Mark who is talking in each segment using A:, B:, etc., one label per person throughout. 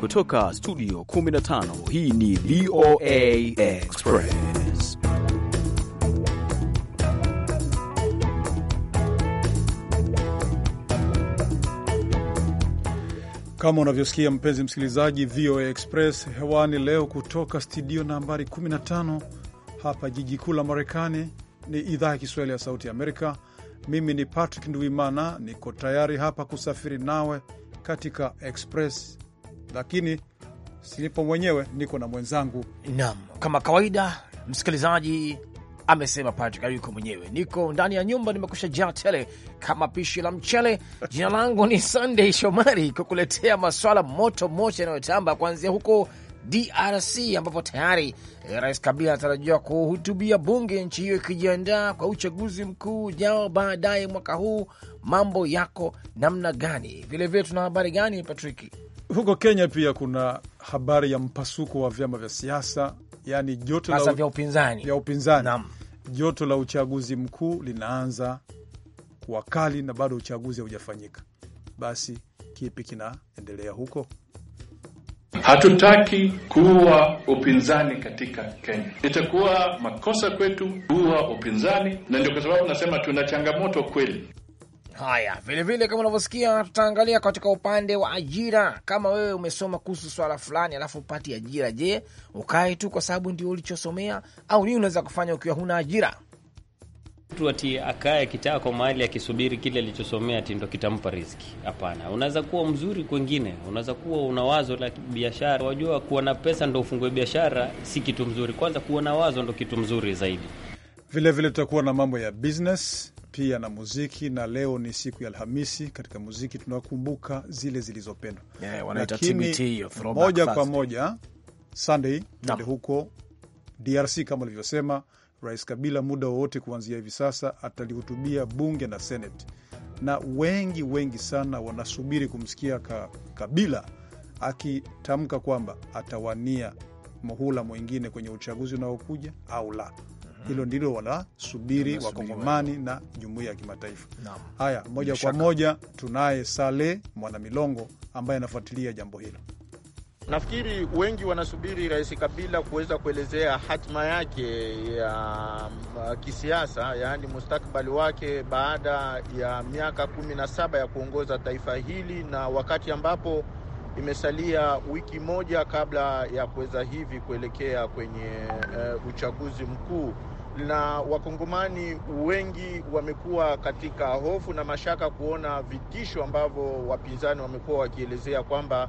A: Kutoka studio 15 hii ni VOA Express.
B: Kama unavyosikia mpenzi msikilizaji, VOA Express hewani leo kutoka studio nambari 15 hapa jiji kuu la Marekani. Ni idhaa ya Kiswahili ya Sauti ya Amerika. Mimi ni Patrick Nduimana, niko tayari hapa kusafiri nawe katika Express
C: lakini silipo mwenyewe, niko na mwenzangu. Naam, kama kawaida, msikilizaji amesema Patrick ayuko mwenyewe, niko ndani ya nyumba, nimekusha jaa tele kama pishi la mchele. Jina langu ni Sunday Shomari, kukuletea maswala moto moto yanayotamba kuanzia huko DRC ambapo tayari eh, Rais Kabila anatarajiwa kuhutubia bunge nchi hiyo ikijiandaa kwa uchaguzi mkuu ujao baadaye mwaka huu. Mambo yako namna gani? Vilevile tuna habari gani Patrick? Huko Kenya
B: pia kuna habari ya mpasuko wa vyama vya siasa, yani joto la vya upinzani, vya upinzani. Joto la uchaguzi mkuu linaanza kuwa kali na bado uchaguzi haujafanyika. Basi kipi kinaendelea huko?
D: Hatutaki kuua upinzani katika Kenya. Itakuwa makosa kwetu kuua upinzani, na ndio kwa sababu nasema tuna changamoto kweli.
C: Haya, vilevile kama unavyosikia, tutaangalia katika upande wa ajira. Kama wewe umesoma kuhusu swala fulani alafu upati ajira, je, ukae tu kwa sababu ndio ulichosomea au nini unaweza kufanya ukiwa huna ajira?
E: Mtu ati akae kitako mahali akisubiri kile alichosomea ati ndo kitampa riziki? Hapana, unaweza kuwa mzuri kwengine, unaweza kuwa una wazo la biashara. Wajua, kuwa na pesa ndo ufungue biashara si kitu mzuri. Kwanza kuwa na wazo ndo kitu mzuri zaidi.
B: Vilevile tutakuwa na mambo ya business pia na muziki, na leo ni siku ya Alhamisi. Katika muziki tunakumbuka zile zilizopendwa, yeah, moja kwa moja Sunday tuende huko DRC. Kama alivyosema Rais Kabila, muda wowote kuanzia hivi sasa atalihutubia bunge na Senate, na wengi wengi sana wanasubiri kumsikia ka Kabila akitamka kwamba atawania muhula mwingine kwenye uchaguzi unaokuja au la. Hilo mm. ndilo wanasubiri Wakongomani na jumuiya ya kimataifa. Haya, moja Mishaka. kwa moja tunaye Sale Mwanamilongo ambaye anafuatilia jambo hilo.
F: Nafikiri wengi wanasubiri Rais Kabila kuweza kuelezea hatima yake ya um, kisiasa, yaani mustakbali wake baada ya miaka kumi na saba ya kuongoza taifa hili, na wakati ambapo imesalia wiki moja kabla ya kuweza hivi kuelekea kwenye uh, uchaguzi mkuu na wakongomani wengi wamekuwa katika hofu na mashaka kuona vitisho ambavyo wapinzani wamekuwa wakielezea kwamba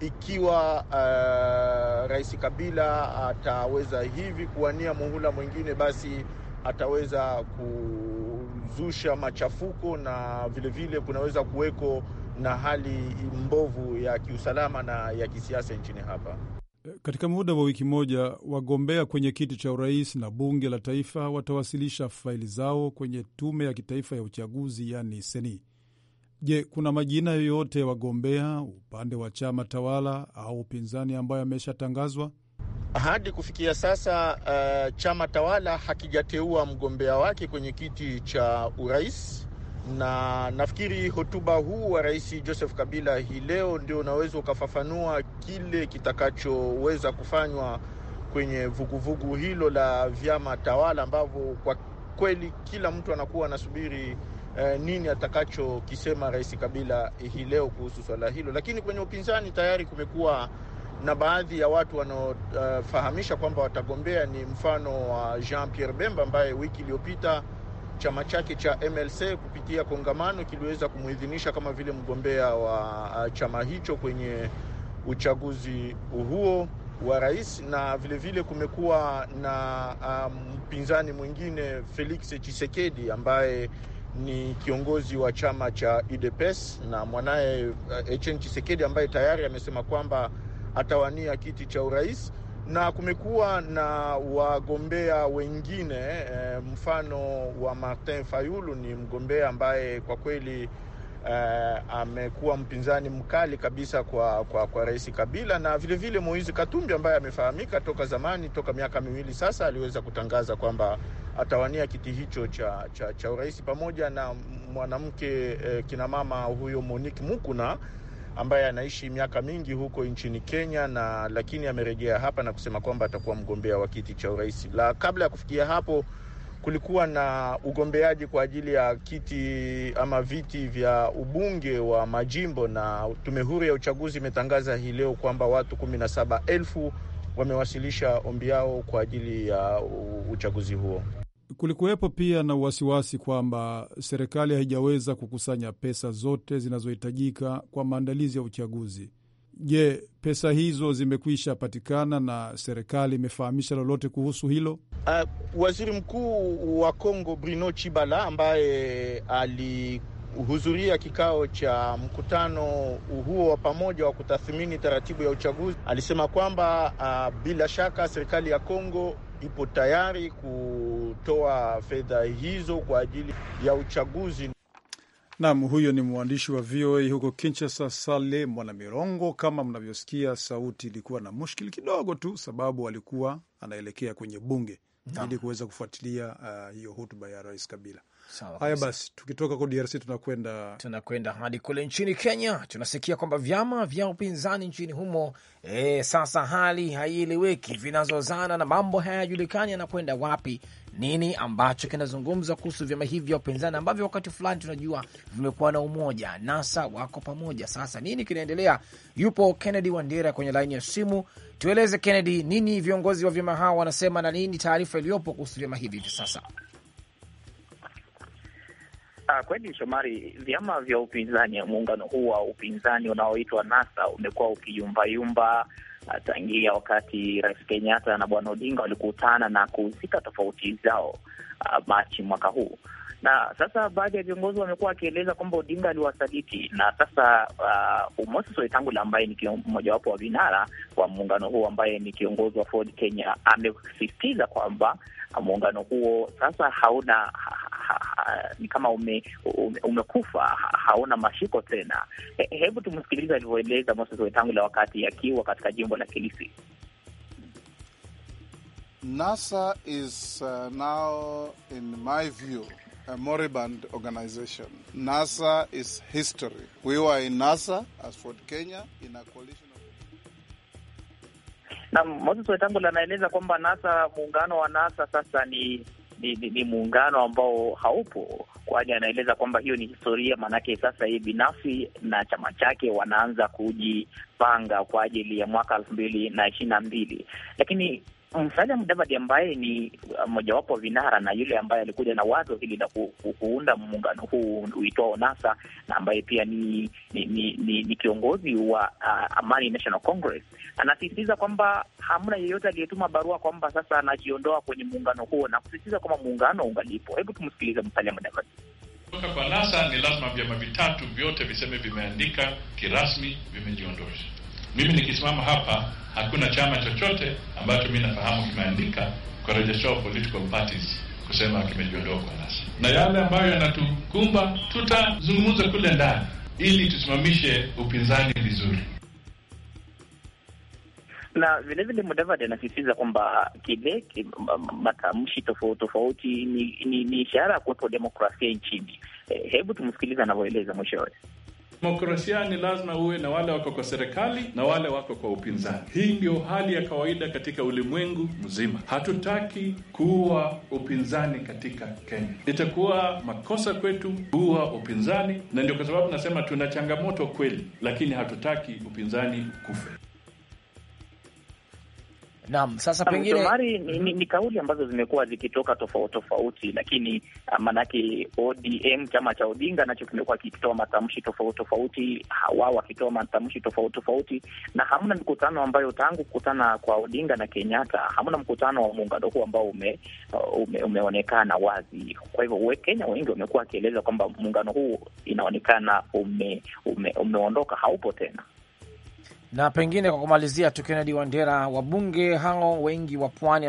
F: ikiwa uh, Rais Kabila ataweza hivi kuwania muhula mwingine, basi ataweza kuzusha machafuko na vilevile vile kunaweza kuweko na hali mbovu ya kiusalama na ya kisiasa nchini hapa.
B: Katika muda wa wiki moja, wagombea kwenye kiti cha urais na bunge la taifa watawasilisha faili zao kwenye tume ya kitaifa ya uchaguzi, yani Seni. Je, kuna majina yoyote ya wagombea upande wa chama tawala au upinzani ambayo ameshatangazwa?
F: Hadi kufikia sasa, uh, chama tawala hakijateua mgombea wake kwenye kiti cha urais na nafikiri hotuba huu wa Rais Joseph Kabila hii leo ndio unaweza ukafafanua kile kitakachoweza kufanywa kwenye vuguvugu vugu hilo la vyama tawala ambavyo kwa kweli kila mtu anakuwa anasubiri eh, nini atakachokisema Rais Kabila hii leo kuhusu swala hilo. Lakini kwenye upinzani tayari kumekuwa na baadhi ya watu wanaofahamisha uh, kwamba watagombea. Ni mfano wa uh, Jean Pierre Bemba ambaye wiki iliyopita chama chake cha MLC kupitia kongamano kiliweza kumuidhinisha kama vile mgombea wa chama hicho kwenye uchaguzi huo wa rais, na vilevile vile kumekuwa na mpinzani um, mwingine Felix Tshisekedi ambaye ni kiongozi wa chama cha UDPS na mwanaye Etienne Tshisekedi ambaye tayari amesema kwamba atawania kiti cha urais na kumekuwa na wagombea wengine e, mfano wa Martin Fayulu ni mgombea ambaye kwa kweli e, amekuwa mpinzani mkali kabisa kwa, kwa, kwa Rais Kabila na vilevile vile Moizi Katumbi ambaye amefahamika toka zamani, toka miaka miwili sasa, aliweza kutangaza kwamba atawania kiti hicho cha, cha, cha urais pamoja na mwanamke e, eh, kinamama huyo Monique Mukuna ambaye anaishi miaka mingi huko nchini Kenya na lakini amerejea hapa na kusema kwamba atakuwa mgombea wa kiti cha urais. La, kabla ya kufikia hapo kulikuwa na ugombeaji kwa ajili ya kiti ama viti vya ubunge wa majimbo, na tume huru ya uchaguzi imetangaza hii leo kwamba watu kumi na saba elfu wamewasilisha ombi yao kwa ajili ya uchaguzi huo
B: kulikuwepo pia na wasiwasi kwamba serikali haijaweza kukusanya pesa zote zinazohitajika kwa maandalizi ya uchaguzi. Je, pesa hizo zimekwisha patikana na serikali imefahamisha lolote kuhusu hilo?
F: Uh, waziri mkuu wa Kongo Bruno Chibala ambaye alihudhuria kikao cha mkutano huo wa pamoja wa kutathmini taratibu ya uchaguzi alisema kwamba uh, bila shaka serikali ya Kongo ipo tayari kutoa fedha hizo kwa ajili ya uchaguzi.
B: Naam, huyo ni mwandishi wa VOA huko Kinshasa, Sale Mwanamirongo. Kama mnavyosikia, sauti ilikuwa na mushkili kidogo tu, sababu alikuwa anaelekea kwenye bunge ili
C: kuweza kufuatilia uh, hiyo hotuba ya Rais
B: Kabila. Haya basi,
C: tukitoka huko DRC tunakwenda tunakwenda hadi kule nchini Kenya. Tunasikia kwamba vyama vya upinzani nchini humo e, sasa hali haieleweki, vinazozana na mambo hayajulikani yanakwenda wapi. Nini ambacho kinazungumza kuhusu vyama hivi vya upinzani ambavyo wakati fulani tunajua vimekuwa na umoja, NASA wako pamoja, sasa nini kinaendelea? Yupo Kennedy Wandera kwenye laini ya simu. Tueleze Kennedy, nini viongozi wa vyama hawa wanasema na nini taarifa iliyopo kuhusu vyama hivi hivi sasa?
G: Uh, kweli Shomari, vyama vya upinzani, muungano huu wa upinzani unaoitwa NASA umekuwa ukiyumbayumba ah, tangia wakati Rais Kenyatta na Bwana Odinga walikutana na kuzika tofauti zao uh, Machi mwaka huu, na sasa baadhi ya viongozi wamekuwa wakieleza kwamba Odinga aliwasaliti, na sasa uh, Moses Wetangula ambaye ni mmojawapo wa vinara wa muungano huo ambaye ni kiongozi wa Ford Kenya amesisitiza kwamba muungano huo sasa hauna ni kama ume, ume, umekufa ha, haona mashiko tena. He, hebu tumsikilize alivyoeleza Moses Wetangula wakati akiwa katika jimbo la Kilifi.
B: NASA is uh, now in my view a moribund organization. NASA is history. We were in NASA as Ford Kenya in a coalition of...
G: Na Moses Wetangula anaeleza kwamba NASA, muungano wa NASA sasa ni ni, ni, ni muungano ambao haupo, kwani anaeleza kwamba hiyo ni historia. Maanake sasa yeye binafsi na chama chake wanaanza kujipanga kwa ajili ya mwaka elfu mbili na ishirini na mbili, lakini Musalia Mudavadi ambaye ni uh, mojawapo wa vinara na yule ambaye alikuja na wazo hili la ku, kuunda muungano huu uitwao NASA na ambaye pia ni ni, ni, ni, ni kiongozi wa uh, Amani National Congress anasisitiza kwamba hamna yeyote aliyetuma barua kwamba sasa anajiondoa kwenye muungano huo na kusisitiza kwamba muungano ungalipo. Hebu tumsikilize Musalia Mudavadi.
D: Kutoka kwa NASA ni lazima vyama vitatu vyote viseme vimeandika kirasmi, vimejiondosha mimi nikisimama hapa, hakuna chama chochote ambacho mi nafahamu kimeandika kurejesha political parties kusema kimejiondoa kwa nasi, na yale ambayo yanatukumba tutazungumza kule ndani ili tusimamishe upinzani vizuri
G: na vilevile Mudavadi anasisitiza kwamba kile matamshi tofauti tofauti ni, ni, ni ishara ya kuwepo demokrasia nchini. Eh, hebu tumsikiliza anavyoeleza mwishowe.
D: Demokrasia ni lazima uwe na wale wako kwa serikali na wale wako kwa upinzani. Hii ndio hali ya kawaida katika ulimwengu mzima. Hatutaki kuua upinzani katika Kenya. Itakuwa makosa kwetu kuua upinzani, na ndio kwa sababu nasema tuna changamoto kweli, lakini hatutaki upinzani kufe. Naam, sasa pengine
G: Shomari, ni, ni, mhm. ni kauli ambazo zimekuwa zikitoka tofauti tofauti, lakini ah, maanake ODM chama cha Odinga nacho kimekuwa kikitoa matamshi tofauti tofauti, wao wakitoa matamshi tofauti tofauti, na hamna mkutano ambayo tangu kukutana kwa Odinga na Kenyatta hamna mkutano wa muungano huu ambao ume, uh, ume, umeonekana wazi. Kwa hivyo Wakenya wengi wamekuwa wakieleza kwamba muungano huu inaonekana ume, ume, umeondoka, haupo tena.
C: Na pengine kwa kumalizia tu, Kennedy Wandera, wabunge hao wengi wa pwani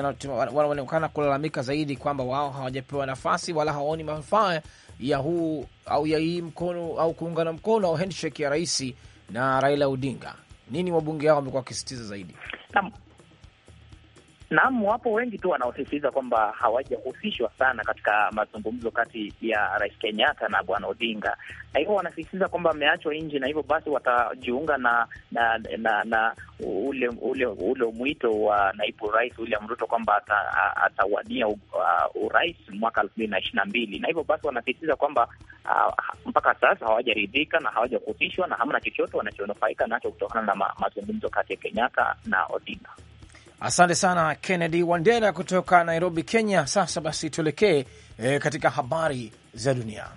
C: wanaonekana kulalamika zaidi kwamba wao hawajapewa nafasi wala hawaoni manufaa ya huu au ya hii mkono au kuungana mkono au handshake ya rais na Raila Odinga. Nini wabunge hao wamekuwa wakisisitiza zaidi? Naam.
G: Naam, wapo wengi tu wanaosisitiza kwamba hawajahusishwa sana katika mazungumzo kati ya Rais Kenyatta na Bwana Odinga, na hivyo wanasisitiza kwamba ameachwa nje, na hivyo basi watajiunga na na, na na ule ule ule mwito wa naibu rais William Ruto kwamba atawania uh, urais mwaka elfu mbili na ishirini na mbili, na hivyo basi wanasisitiza kwamba uh, mpaka sasa hawajaridhika na hawajahusishwa na hamna chochote wanachonufaika nacho kutokana na ma, mazungumzo kati ya Kenyatta na Odinga.
C: Asante sana Kennedy Wandera kutoka Nairobi, Kenya. Sasa basi tuelekee eh, katika habari za dunia.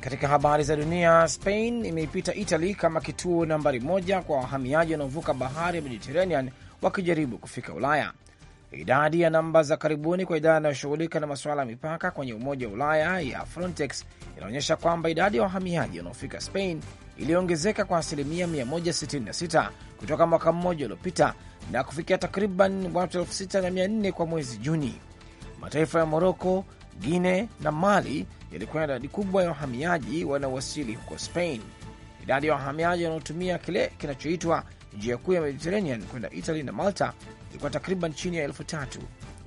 C: Katika habari za dunia, Spain imeipita Italy kama kituo nambari moja kwa wahamiaji wanaovuka bahari ya Mediterranean wakijaribu kufika Ulaya. Idadi ya namba za karibuni kwa idara inayoshughulika na masuala ya mipaka kwenye Umoja wa Ulaya ya Frontex inaonyesha kwamba idadi ya wahamiaji wanaofika Spain iliongezeka kwa asilimia 166 kutoka mwaka mmoja uliopita na kufikia takriban watu 6400 kwa mwezi Juni. Mataifa ya Moroko, Guine na Mali yalikuwa na idadi kubwa ya wahamiaji wanaowasili huko Spain. Idadi ya wahamiaji wanaotumia kile kinachoitwa njia kuu ya Mediterranean kwenda Italy na Malta ilikuwa takriban chini ya elfu tatu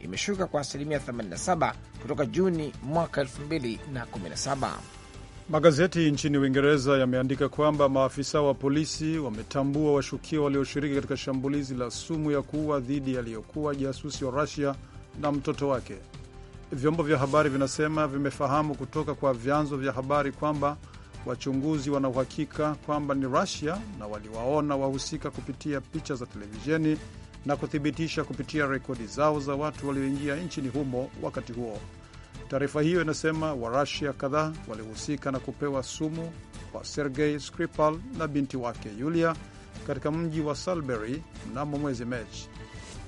C: imeshuka kwa asilimia 87 kutoka Juni mwaka 2017.
B: Magazeti nchini Uingereza yameandika kwamba maafisa wa polisi wametambua washukiwa walioshiriki katika shambulizi la sumu ya kuua dhidi yaliyokuwa jasusi wa Rusia na mtoto wake. Vyombo vya habari vinasema vimefahamu kutoka kwa vyanzo vya habari kwamba wachunguzi wana uhakika kwamba ni Rusia na waliwaona wahusika kupitia picha za televisheni na kuthibitisha kupitia rekodi zao za watu walioingia nchini humo wakati huo. Taarifa hiyo inasema Warusia kadhaa walihusika na kupewa sumu kwa Sergei Skripal na binti wake Yulia katika mji wa Salisbury mnamo mwezi Machi.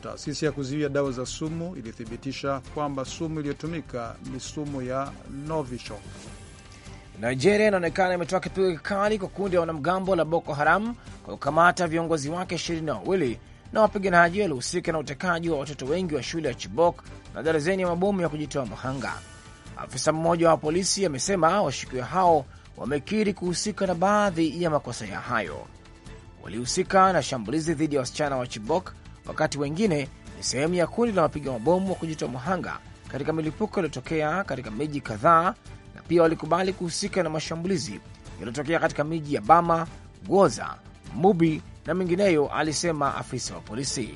B: Taasisi ya kuzuia dawa za sumu ilithibitisha
C: kwamba sumu iliyotumika ni sumu ya Novichok. Nigeria inaonekana imetoa kipigo kikali kwa kundi la wanamgambo la Boko Haram kwa kukamata viongozi wake ishirini na wawili na wapiganaji waliohusika na utekaji wa watoto wengi wa shule ya Chibok na darazeni ya mabomu ya kujitoa mhanga. Afisa mmoja wa polisi amesema washukiwa hao wamekiri kuhusika na baadhi ya makosa ya hayo. Walihusika na shambulizi dhidi ya wasichana wa Chibok, wakati wengine ni sehemu ya kundi la wapiga mabomu wa kujitoa mhanga katika milipuko iliyotokea katika miji kadhaa, na pia walikubali kuhusika na mashambulizi yaliyotokea katika miji ya Bama, Gwoza, Mubi na mengineyo, alisema afisa wa polisi.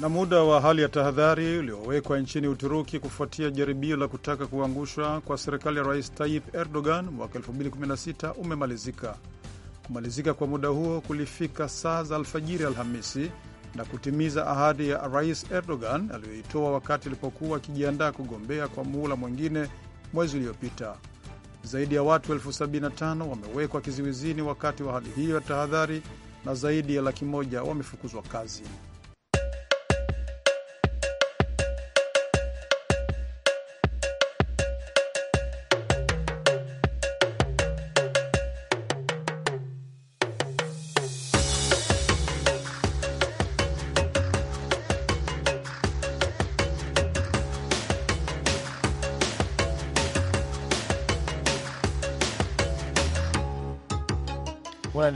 C: Na muda wa hali ya tahadhari uliowekwa nchini Uturuki
B: kufuatia jaribio la kutaka kuangushwa kwa serikali ya Rais Tayyip Erdogan mwaka 2016 umemalizika. Kumalizika kwa muda huo kulifika saa za alfajiri Alhamisi na kutimiza ahadi ya Rais Erdogan aliyoitoa wakati alipokuwa akijiandaa kugombea kwa muhula mwingine mwezi uliopita. Zaidi ya watu elfu 75 wamewekwa kizuizini wakati wa hali hiyo ya tahadhari na zaidi ya laki moja wamefukuzwa kazi.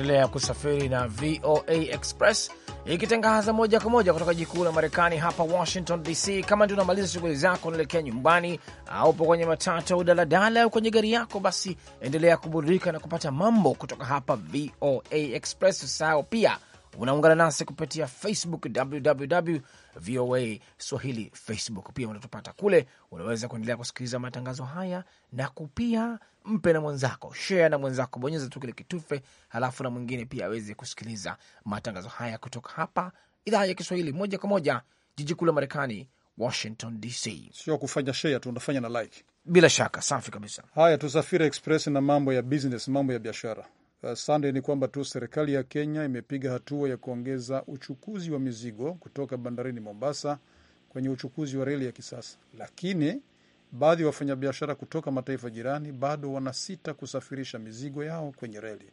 C: Unaendelea kusafiri na VOA Express ikitangaza moja kwa moja kutoka jikuu la Marekani hapa Washington DC. Kama ndio unamaliza shughuli zako, unaelekea nyumbani, au upo kwenye matatu au daladala au kwenye gari yako, basi endelea kuburudika na kupata mambo kutoka hapa VOA Express. Usahau pia Unaungana nasi kupitia Facebook, www voa swahili Facebook. Pia unatupata kule, unaweza kuendelea kusikiliza matangazo haya na kupia mpe na mwenzako, share na mwenzako, bonyeza tu kile kitufe, halafu na mwingine pia aweze kusikiliza matangazo haya kutoka hapa idhaa ya Kiswahili moja kwa moja jiji kuu la Marekani, Washington DC. Sio kufanya share tu, unafanya na like. Bila shaka, safi kabisa.
B: Haya, tusafiri express na mambo ya business, mambo ya biashara Uh, Sande, ni kwamba tu serikali ya Kenya imepiga hatua ya kuongeza uchukuzi wa mizigo kutoka bandarini Mombasa kwenye uchukuzi wa reli ya kisasa, lakini baadhi ya wafanyabiashara kutoka mataifa jirani bado wanasita kusafirisha mizigo yao kwenye reli.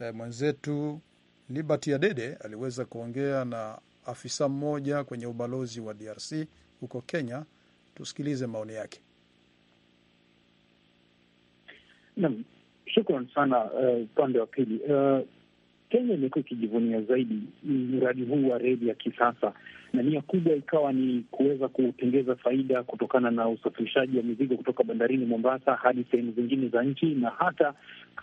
B: E, mwenzetu Liberty Adede aliweza kuongea na afisa mmoja kwenye ubalozi wa DRC huko Kenya.
H: Tusikilize maoni yake. Naam, Shukran sana eh, upande uh, wa pili uh, Kenya imekuwa ikijivunia zaidi mradi huu wa reli ya kisasa na nia kubwa ikawa ni kuweza kutengeza faida kutokana na usafirishaji wa mizigo kutoka bandarini Mombasa hadi sehemu zingine za nchi na hata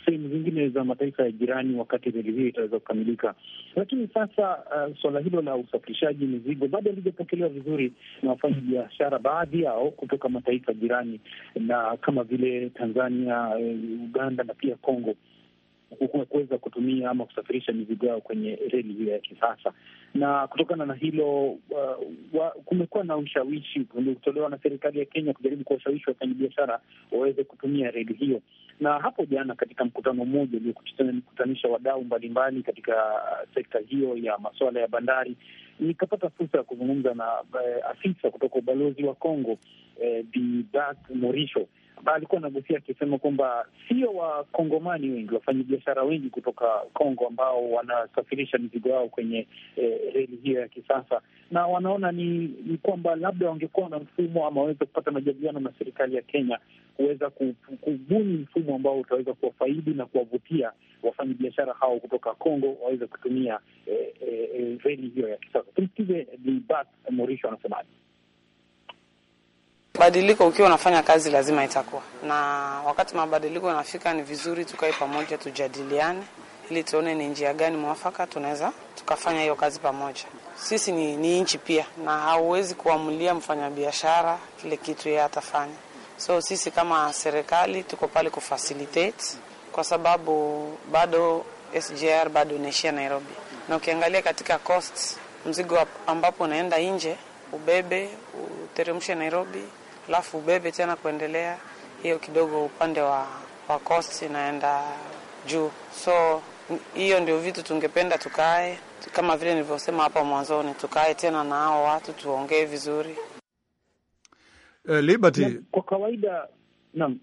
H: sehemu zingine za mataifa ya jirani, wakati reli hiyo itaweza kukamilika. Lakini sasa uh, suala hilo la usafirishaji mizigo bado halijapokelewa vizuri na wafanya biashara baadhi yao kutoka mataifa jirani na kama vile Tanzania, uh, Uganda na pia congo kuweza kutumia ama kusafirisha mizigo yao kwenye reli hiyo ya kisasa. Na kutokana na hilo uh, kumekuwa na ushawishi uliotolewa na serikali ya Kenya kujaribu wa wafanyabiashara waweze kutumia reli hiyo. Na hapo jana katika mkutano mmoja uliokutanisha wadau mbalimbali katika uh, sekta hiyo ya masuala ya bandari, nikapata fursa ya kuzungumza na uh, afisa kutoka ubalozi wa congo uh, Bi Bat Morisho uh, alikuwa anagusia akisema kwamba sio wakongomani wengi, wafanyabiashara wengi kutoka Kongo ambao wanasafirisha mizigo yao kwenye eh, reli hiyo ya kisasa, na wanaona ni, ni kwamba labda wangekuwa na mfumo ama waweze kupata majadiliano na serikali ya Kenya kuweza kubuni mfumo ambao utaweza kuwafaidi na kuwavutia wafanyabiashara hao kutoka Kongo waweze kutumia eh, eh, eh reli hiyo ya kisasa. Tumsikize Bi Bat Morisho anasemaje.
I: Badiliko ukiwa unafanya kazi lazima itakuwa
C: na, wakati mabadiliko yanafika, ni vizuri tukae pamoja, tujadiliane ili tuone ni njia gani mwafaka tunaweza tukafanya hiyo kazi pamoja. Sisi ni, ni nchi pia, na hauwezi kuamulia mfanyabiashara kile kitu yeye atafanya. So sisi kama serikali tuko pale kufacilitate, kwa
I: sababu bado SGR bado inaishia Nairobi, na ukiangalia katika cost, mzigo ambapo unaenda nje ubebe uteremshe Nairobi
C: alafu ubebe tena kuendelea. Hiyo kidogo upande wa, wa cost inaenda juu, so hiyo ndio vitu tungependa tukae, kama vile nilivyosema hapa mwanzoni, tukae tena na hao watu tuongee vizuri.
B: Uh, Liberty,
H: kwa kawaida naam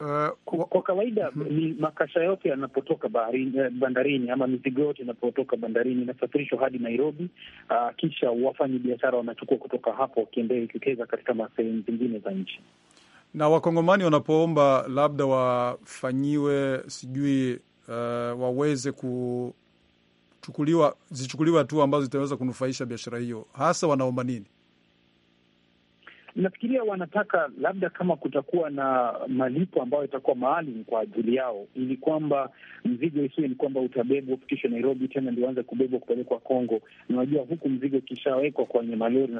H: Uh, kwa kawaida mhm. ni makasha yote yanapotoka eh, bandarini ama mizigo yote inapotoka bandarini inasafirishwa hadi Nairobi. Uh, kisha wafanyi biashara wanachukua kutoka hapo wakiendea ikikeza katika sehemu zingine za nchi.
B: Na wakongomani wanapoomba labda wafanyiwe sijui, uh, waweze kuchukuliwa zichukuliwe hatua ambazo zitaweza kunufaisha biashara hiyo, hasa wanaomba nini?
H: Nafikiria wanataka labda kama kutakuwa na malipo ambayo itakuwa maalum kwa ajili yao, ili kwamba mzigo isiwe ni kwamba utabebwa ufikishwe Nairobi tena ndio uanze kubebwa kupelekwa Kongo. Unajua, huku mzigo ukishawekwa kwenye malori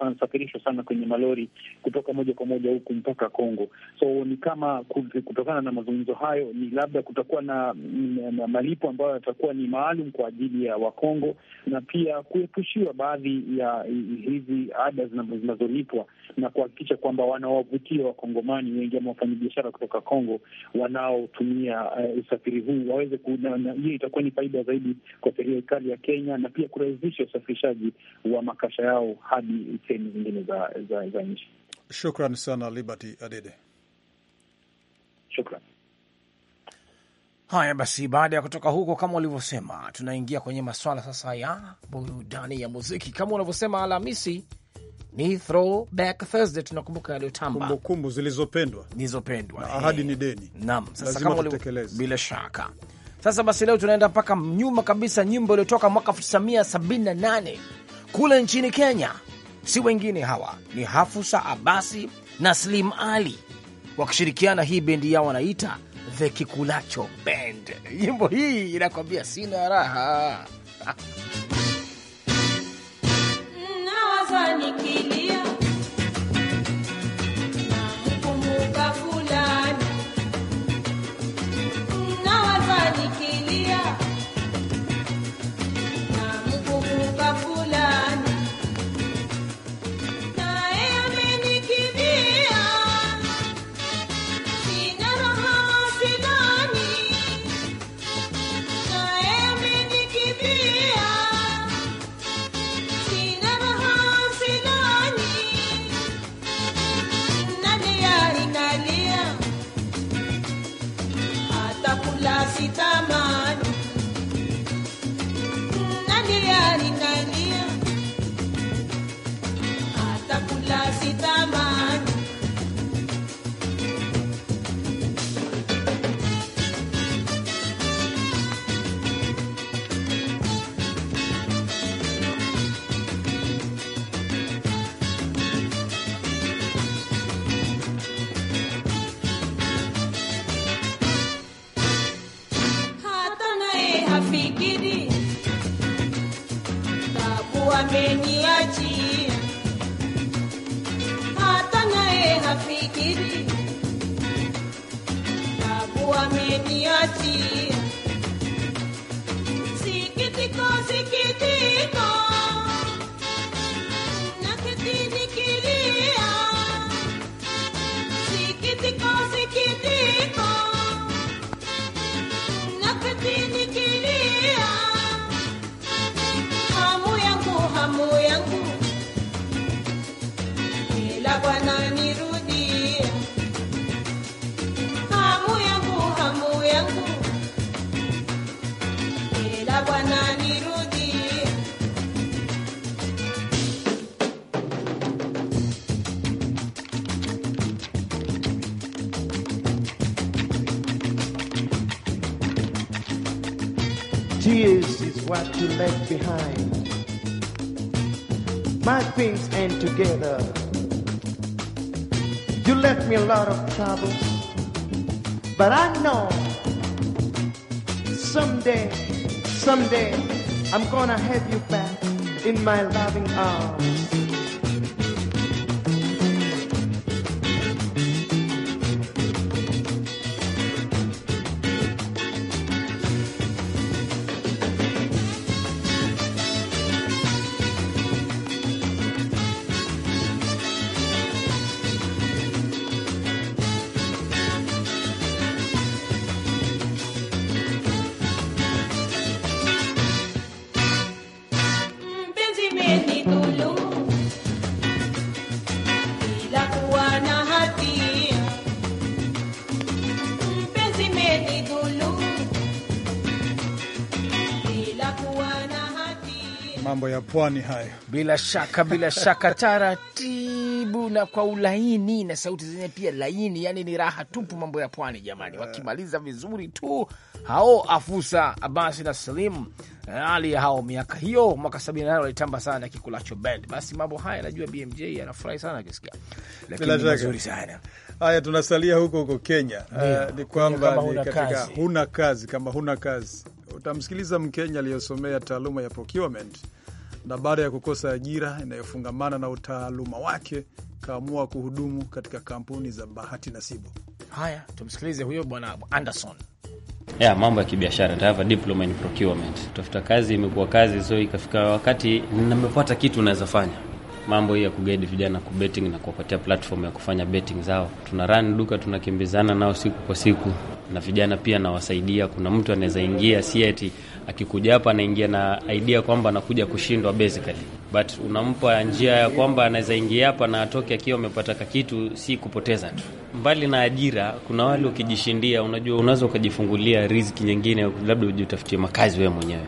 H: nasafirishwa sana kwenye malori kutoka moja kwa moja huku mpaka Kongo. So ni kama kutokana na mazungumzo hayo, ni labda kutakuwa na, na, na malipo ambayo yatakuwa ni maalum kwa ajili ya Wakongo na pia kuepushiwa baadhi ya hizi ada zinazolipwa na kuhakikisha kwamba wanawavutia wakongomani wengi ama wafanyabiashara kutoka Kongo wanaotumia uh, usafiri huu waweze. Hiyo itakuwa ni faida zaidi kwa serikali ya Kenya na pia kurahisisha usafirishaji wa makasha yao hadi sehemu zingine za, za, za nchi.
C: Shukran sana Liberty Adede, shukran. Haya basi, baada ya kutoka huko, kama ulivyosema, tunaingia kwenye maswala sasa ya burudani ya muziki. Kama unavyosema Alhamisi ni throwback Thursday, tunakumbuka yaliyotamba, kumbukumbu zilizopendwa zilizopendwa, na ahadi ni eh, deni. Naam, sasa kama bila shaka sasa basi, leo tunaenda mpaka nyuma kabisa, nyimbo iliyotoka mwaka 1978 kule nchini Kenya. Si wengine hawa ni Hafusa Abasi na Slim Ali wakishirikiana, hii bendi yao wanaita The Kikulacho Band. Nyimbo hii inakwambia sina raha
D: what you left behind. My things ain't together.
C: You left me a lot of troubles, but I know
I: someday, someday, I'm gonna have you back in my loving arms.
C: mambo ya pwani hayo, bila shaka, bila shaka, taratibu na kwa ulaini na sauti zenye pia laini, yani ni raha tupu, mambo ya pwani jamani, wakimaliza vizuri tu hao Afusa Abasi na Salim hali eh, ya hao miaka hiyo mwaka sabini nane walitamba sana na Kikulacho Band. Basi mambo haya najua BMJ anafurahi sana akisikia, lakini mazuri sana
B: haya. Tunasalia huko huko Kenya. Uh, ni kwamba huna kazi, kama huna kazi utamsikiliza Mkenya aliyosomea taaluma ya procurement na baada ya kukosa ajira inayofungamana na utaaluma wake kaamua kuhudumu
C: katika kampuni za bahati nasibu. Haya, tumsikilize huyo bwana Anderson.
E: Yeah, mambo ya kibiashara, diploma in procurement. Tafuta kazi imekuwa kazi, so ikafika wakati nimepata kitu naweza fanya. Mambo hii ya kugaidi vijana kubetting na kuwapatia platform ya kufanya betting zao, tuna run duka, tunakimbizana nao siku kwa siku, na vijana pia nawasaidia. Kuna mtu anaweza ingia si eti akikuja hapa anaingia na idea kwamba anakuja kushindwa basically, but unampa njia ya kwamba anaweza ingia hapa na atoke akiwa amepata kitu, si kupoteza tu. Mbali na ajira, kuna wale ukijishindia, unajua unaweza ukajifungulia riziki nyingine, labda ujitafutie makazi wewe mwenyewe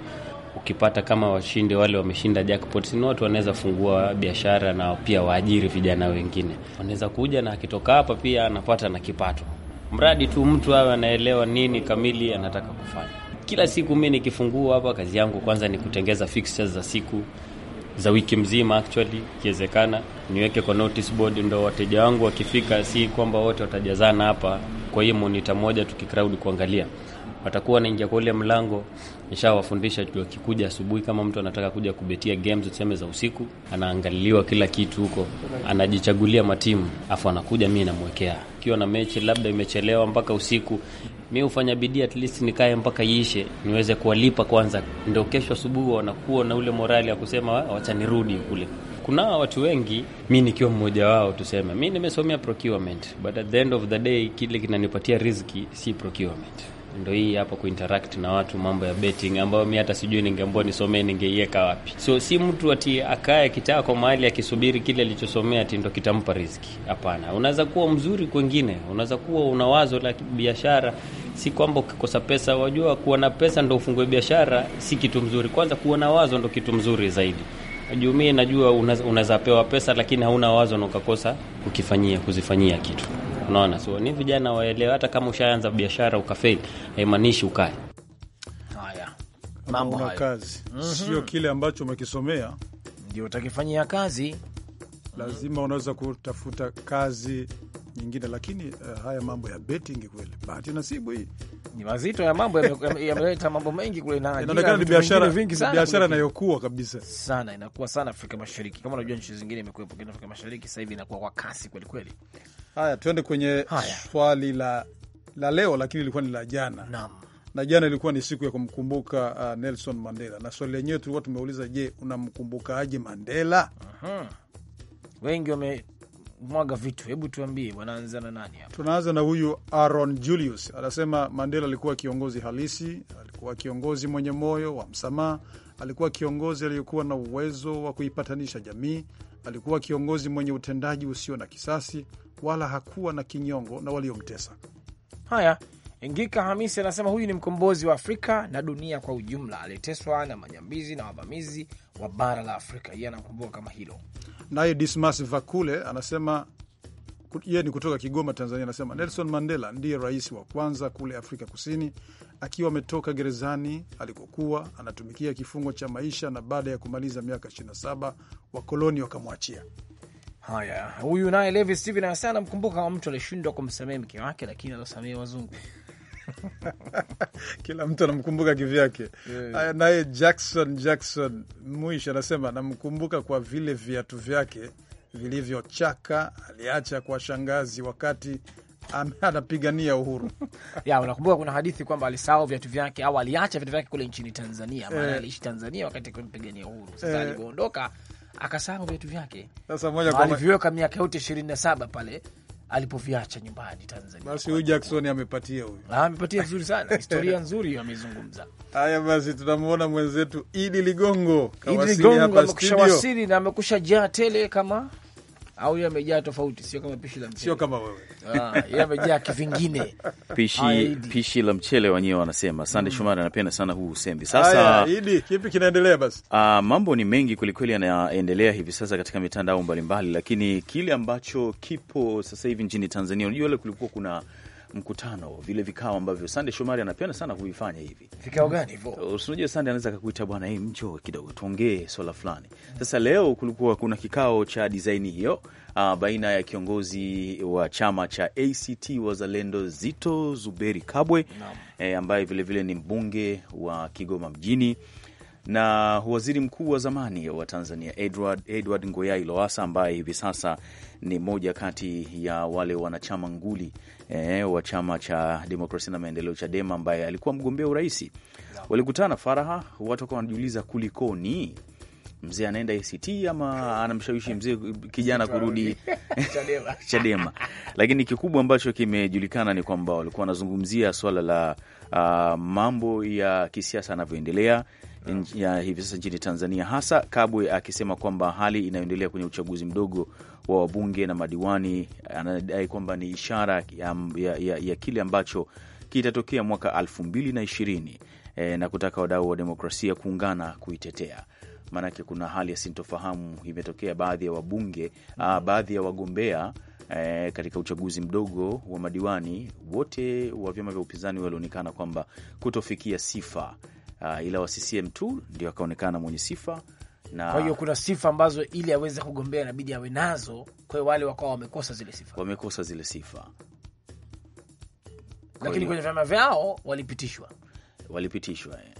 E: ukipata kama washinde wale wameshinda jackpot, ni watu wanaweza fungua biashara na pia waajiri vijana wengine, wanaweza kuja na akitoka hapa pia anapata na kipato, mradi tu mtu awe anaelewa nini kamili anataka kufanya. Kila siku mimi nikifungua hapa, kazi yangu kwanza ni kutengeza fixtures za siku za wiki mzima, actually ikiwezekana niweke kwa notice board, ndo wateja wangu wakifika, si kwamba wote watajazana hapa kwa hiyo monitor moja tukicrowd kuangalia watakuwa wanaingia kwa ule mlango. Nishawafundisha tu, akikuja asubuhi, kama mtu anataka kuja kubetia games tuseme za usiku, anaangaliwa kila kitu huko, anajichagulia matimu afu anakuja, mimi namwekea. Ikiwa na mechi labda imechelewa mpaka usiku, mi hufanya bidii at least nikae mpaka iishe, niweze kuwalipa kwanza, ndio kesho asubuhi wanakuwa na ule morali ya kusema wacha nirudi kule. Kuna watu wengi, mi nikiwa mmoja wao, tuseme mi nimesomea procurement, but at the end of the day kile kinanipatia riziki si procurement ndo hii hapa kuinteract na watu, mambo ya betting ambayo mi hata sijui ningeambiwa nisomee ningeiweka wapi. So si mtu ati akae kwa mahali akisubiri kile alichosomea ati ndo kitampa riziki. Hapana, unaweza kuwa mzuri kwengine, unaweza kuwa una wazo la biashara. Si kwamba ukikosa pesa, wajua kuwa na pesa ndo ufungue biashara, si kitu mzuri. Kwanza kuwa na wazo ndo kitu mzuri zaidi. Jumie, najua unazapewa pesa, lakini hauna wazo na ukakosa kukifanyia kuzifanyia kitu unaona. So ni vijana waelewe, hata kama ushaanza biashara ukafeli haimaanishi ukae. Haya
B: mambo una kazi mm -hmm. Sio kile ambacho umekisomea ndio utakifanyia kazi lazima unaweza kutafuta kazi nyingine, lakini uh, haya mambo ya betting kweli, bahati nasibu hii ni mazito ya mambo yameleta
C: mambo mengi kule, na inaonekana ni biashara vingi sana, biashara inayokuwa kabisa sana, inakuwa sana Afrika Mashariki. Kama unajua nchi zingine imekuwepo, lakini Afrika Mashariki sasa hivi inakuwa kwa kasi kweli kweli.
B: Haya, tuende kwenye haya, swali la, la leo lakini ilikuwa ni la jana Naam. na jana ilikuwa ni siku ya kumkumbuka uh, Nelson Mandela, na swali lenyewe tulikuwa tumeuliza, je, unamkumbukaje
C: Mandela? uh-huh. Wengi wamemwaga vitu, hebu tuambie, wanaanza na nani hapa?
B: Tunaanza na huyu Aaron Julius, anasema Mandela alikuwa kiongozi halisi, alikuwa kiongozi mwenye moyo wa msamaha Alikuwa kiongozi aliyekuwa na uwezo wa kuipatanisha jamii. Alikuwa kiongozi mwenye utendaji usio na kisasi,
C: wala hakuwa na kinyongo na waliomtesa. Haya, Ngika Hamisi anasema huyu ni mkombozi wa Afrika na dunia kwa ujumla, aliyeteswa na manyambizi na wavamizi wa bara la Afrika. Yeye anakumbuka kama hilo.
B: Naye Dismas Vakule anasema yeye ni kutoka Kigoma, Tanzania. Anasema Nelson Mandela ndiye rais wa kwanza kule Afrika Kusini, akiwa ametoka gerezani alikokuwa anatumikia kifungo cha maisha, na baada ya kumaliza miaka
C: 27 wakoloni wakamwachia. Haya, huyu naye Levi Steven anasema anamkumbuka wa mtu alishindwa kumsamehe mke wake, lakini alosamehe wazungu
B: Kila mtu anamkumbuka kivyake. Yeah. Naye Jackson Jackson Mwish anasema namkumbuka kwa vile viatu vyake vilivyochaka aliacha kwa
C: shangazi wakati anapigania uhuru ya unakumbuka, kuna hadithi kwamba alisahau viatu vyake au aliacha viatu vyake kule nchini Tanzania, eh. maana aliishi Tanzania wakati kumpigania uhuru. Sasa eh. alivyoondoka akasahau viatu vyake, sasa moja kwa moja aliviweka miaka yote ishirini na saba pale alipoviacha nyumbani Tanzania.
B: Basi huyu Jackson amepatia huyu, ah, amepatia vizuri sana historia
C: nzuri amezungumza.
B: Haya basi, tunamwona mwenzetu Idi Ligongo kawasili hapa
C: studio, na amekusha jaa tele kama au yeye amejaa tofauti, sio kama pishi la mchele, sio kama wewe ah, yeye amejaa kivingine
I: pishi Aidi.
A: pishi la mchele wenyewe wanasema. Sande mm. Shumari anapenda sana huu usembi. Sasa
B: Idi, kipi kinaendelea basi?
A: Ah, mambo ni mengi kwelikweli yanaendelea hivi sasa katika mitandao mbalimbali, lakini kile ambacho kipo sasa hivi nchini Tanzania, unajua ile kulikuwa kuna mkutano, vile vikao ambavyo Sande Shomari anapenda sana kuvifanya hivi.
C: Vikao gani hivyo?
A: Unajua Sande anaweza kakuita bwana, hey, mcho kidogo tuongee swala fulani. Sasa leo kulikuwa kuna kikao cha disaini hiyo uh, baina ya kiongozi wa chama cha ACT Wazalendo Zito Zuberi Kabwe eh, ambaye vilevile ni mbunge wa Kigoma mjini na waziri mkuu wa zamani wa Tanzania Edward, Edward Ngoyai Lowassa ambaye hivi sasa ni moja kati ya wale wanachama nguli eh, wa chama cha demokrasia na maendeleo Chadema ambaye alikuwa mgombea urais. Walikutana faraha, watu wakawa wanajiuliza kulikoni mzee anaenda ACT ama anamshawishi mzee kijana kurudi Chadema. Chadema. Lakini kikubwa ambacho kimejulikana ni kwamba walikuwa wanazungumzia swala la uh, mambo ya kisiasa yanavyoendelea ya hivi sasa nchini Tanzania, hasa Kabwe akisema kwamba hali inayoendelea kwenye uchaguzi mdogo wa wabunge na madiwani, anadai kwamba ni ishara ya, ya, ya, ya kile ambacho kitatokea mwaka elfu mbili na ishirini e, na kutaka wadau wa demokrasia kuungana kuitetea maanake kuna hali ya sintofahamu imetokea baadhi ya wabunge a, baadhi ya wagombea e, katika uchaguzi mdogo wa madiwani wote wa vyama vya upinzani walionekana kwamba kutofikia sifa uh, ila wa CCM tu ndio akaonekana mwenye sifa na kwa hiyo
C: kuna sifa ambazo ili aweze kugombea inabidi awe nazo. Kwa hiyo wale wakawa wamekosa zile sifa,
A: wamekosa zile sifa,
C: lakini kwenye vyama vyao walipitishwa,
A: walipitishwa eh.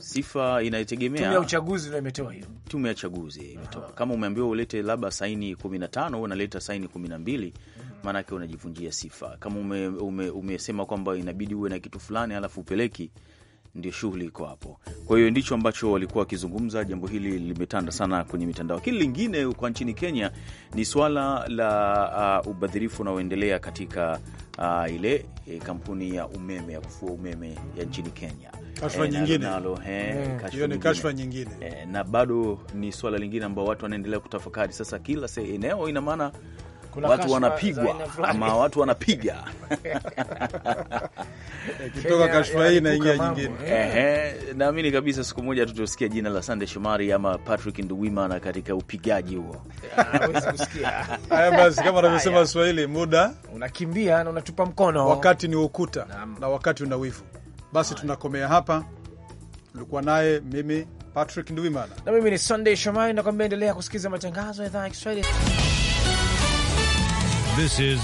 A: Sifa inaitegemea tume ya
C: uchaguzi ndio imetoa hiyo,
A: tume ya uchaguzi imetoa. Kama umeambiwa ulete labda saini 15 unaleta saini 12, maanake unajivunjia sifa. Kama umesema ume, ume, kwamba inabidi uwe na kitu fulani alafu upeleki ndio shughuli iko hapo. Kwa hiyo ndicho ambacho walikuwa wakizungumza. Jambo hili limetanda sana kwenye mitandao. Lakini lingine kwa nchini Kenya ni swala la uh, ubadhirifu unaoendelea katika uh, ile eh, kampuni ya umeme ya kufua umeme ya nchini Kenya. Kashfa eh, eh, nyingine kashfa nyingine, na bado ni swala lingine ambao watu wanaendelea kutafakari. Sasa kila eneo ina maana
I: watu wanapigwa ama
A: watu wanapiga eh,
I: kitoka kashfa hii ingia nyingine. Eh.
A: Ehe, naamini kabisa siku moja tutasikia jina la Sande Shomari ama Patrick Nduwimana katika upigaji huo. Ah, Haya basi, kama anavyosema Swahili,
B: muda unakimbia na unatupa mkono, wakati ni ukuta na wakati una wivu. Basi tunakomea hapa, ulikuwa naye mimi Patrick Nduwimana na mimi ni Sunday Shomari, nakwambia endelea kusikiliza matangazo ya idhaa ya Kiswahili.
I: This is